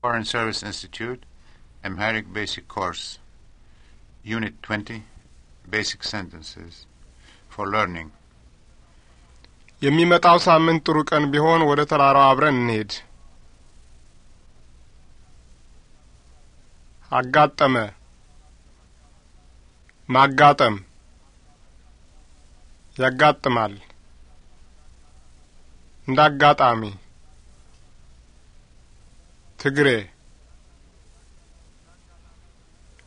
Foreign Service Institute, Amharic Basic Course, Unit 20, Basic Sentences for Learning. የሚመጣው ሳምንት ጥሩ ቀን ቢሆን ወደ ተራራው አብረን እንሄድ። አጋጠመ፣ ማጋጠም፣ ያጋጥማል፣ እንዳጋጣሚ ትግሬ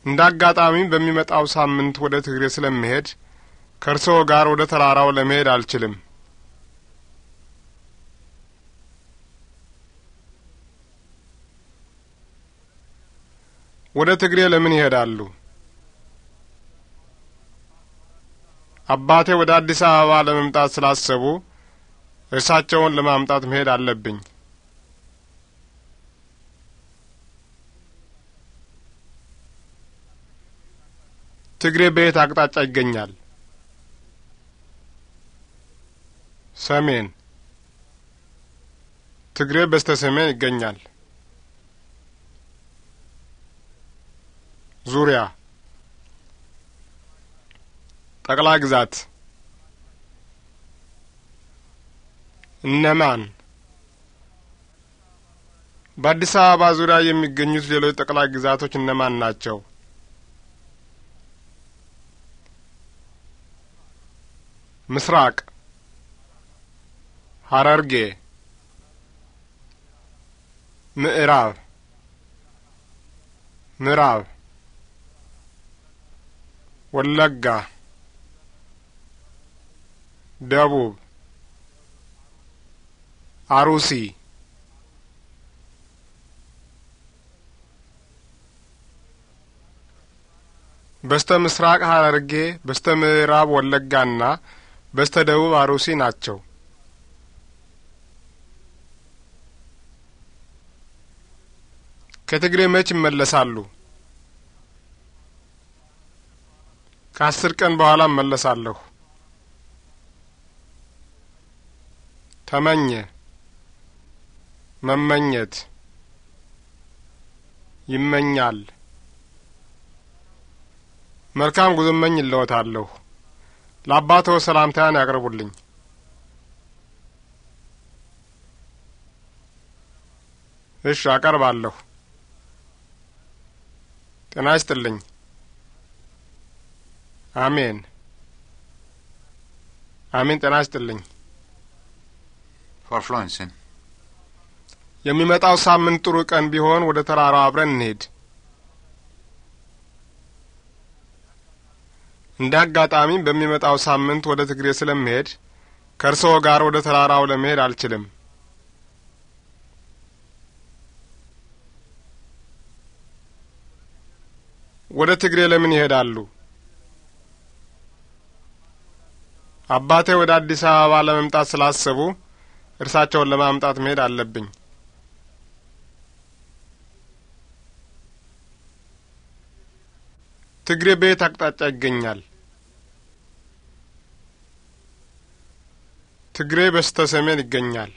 እንደ አጋጣሚ በሚመጣው ሳምንት ወደ ትግሬ ስለምሄድ ከእርስዎ ጋር ወደ ተራራው ለመሄድ አልችልም። ወደ ትግሬ ለምን ይሄዳሉ? አባቴ ወደ አዲስ አበባ ለመምጣት ስላሰቡ እርሳቸውን ለማምጣት መሄድ አለብኝ። ትግሬ በየት አቅጣጫ ይገኛል? ሰሜን። ትግሬ በስተ ሰሜን ይገኛል። ዙሪያ ጠቅላ ግዛት እነማን? በአዲስ አበባ ዙሪያ የሚገኙት ሌሎች ጠቅላይ ግዛቶች እነማን ናቸው? ምስራቅ ሐረርጌ ምዕራብ ምዕራብ ወለጋ ደቡብ አሩሲ በስተ ምስራቅ ሐረርጌ በስተ ምዕራብ ወለጋና በስተ ደቡብ አሩሲ ናቸው። ከትግሬ መች ይመለሳሉ? ከአስር ቀን በኋላ እመለሳለሁ። ተመኘ፣ መመኘት፣ ይመኛል። መልካም ጉዞ እመኝልዎታለሁ። ለአባተው ሰላምታን ያቅርቡልኝ። እሺ፣ አቀርባለሁ። ጤና ይስጥልኝ። አሜን አሜን። ጤና ይስጥልኝ። ፎርፍሎንስን የሚመጣው ሳምንት ጥሩ ቀን ቢሆን ወደ ተራራው አብረን እንሄድ። እንደ አጋጣሚ በሚመጣው ሳምንት ወደ ትግሬ ስለምሄድ ከእርስዎ ጋር ወደ ተራራው ለመሄድ አልችልም። ወደ ትግሬ ለምን ይሄዳሉ? አባቴ ወደ አዲስ አበባ ለመምጣት ስላሰቡ እርሳቸውን ለማምጣት መሄድ አለብኝ። ትግሬ በየት አቅጣጫ ይገኛል? ትግሬ በስተ ሰሜን ይገኛል።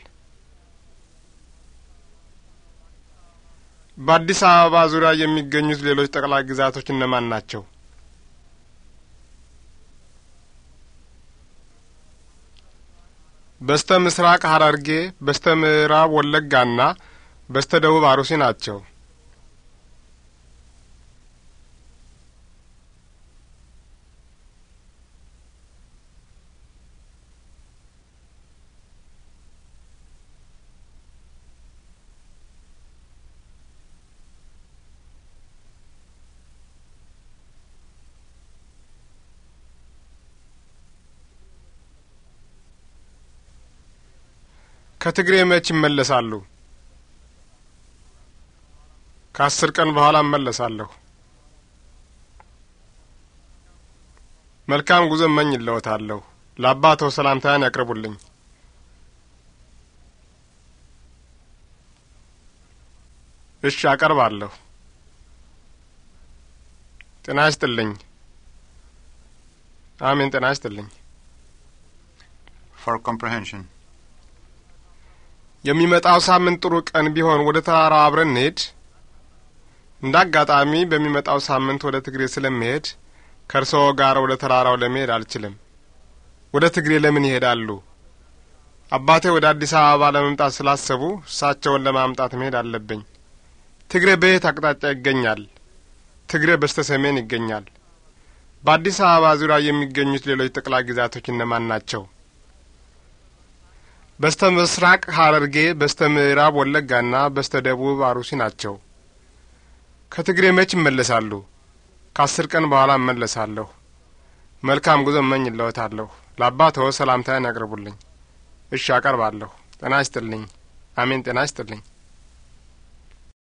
በአዲስ አበባ ዙሪያ የሚገኙት ሌሎች ጠቅላይ ግዛቶች እነማን ናቸው? በስተ ምስራቅ ሐረርጌ፣ በስተ ምዕራብ ወለጋና በስተ ደቡብ አሩሲ ናቸው። ከትግሬ መች ይመለሳሉ? ከአስር ቀን በኋላ እመለሳለሁ። መልካም ጉዞ መኝ እለወታለሁ። ለአባተው ሰላምታን ያቅርቡልኝ። እሺ፣ አቀርባለሁ። ጤና ይስጥልኝ። አሜን፣ ጤና ይስጥልኝ። ፎር comprehension የሚመጣው ሳምንት ጥሩ ቀን ቢሆን ወደ ተራራው አብረን እንሄድ። እንደ አጋጣሚ በሚመጣው ሳምንት ወደ ትግሬ ስለምሄድ ከእርስዎ ጋር ወደ ተራራው ለመሄድ አልችልም። ወደ ትግሬ ለምን ይሄዳሉ? አባቴ ወደ አዲስ አበባ ለመምጣት ስላሰቡ እሳቸውን ለማምጣት መሄድ አለብኝ። ትግሬ በየት አቅጣጫ ይገኛል? ትግሬ በስተ ሰሜን ይገኛል። በአዲስ አበባ ዙሪያ የሚገኙት ሌሎች ጠቅላይ ግዛቶች እነማን ናቸው? በስተ ምስራቅ ሐረርጌ፣ በስተ ምዕራብ ወለጋና በስተ ደቡብ አሩሲ ናቸው። ከትግሬ መች ይመለሳሉ? ከአስር ቀን በኋላ እመለሳለሁ። መልካም ጉዞ እመኝ እለወታለሁ። ለአባትዎ ሰላምታን ያቅርቡልኝ። እሺ አቀርባለሁ። ጤና ይስጥልኝ። አሜን። ጤና ይስጥልኝ።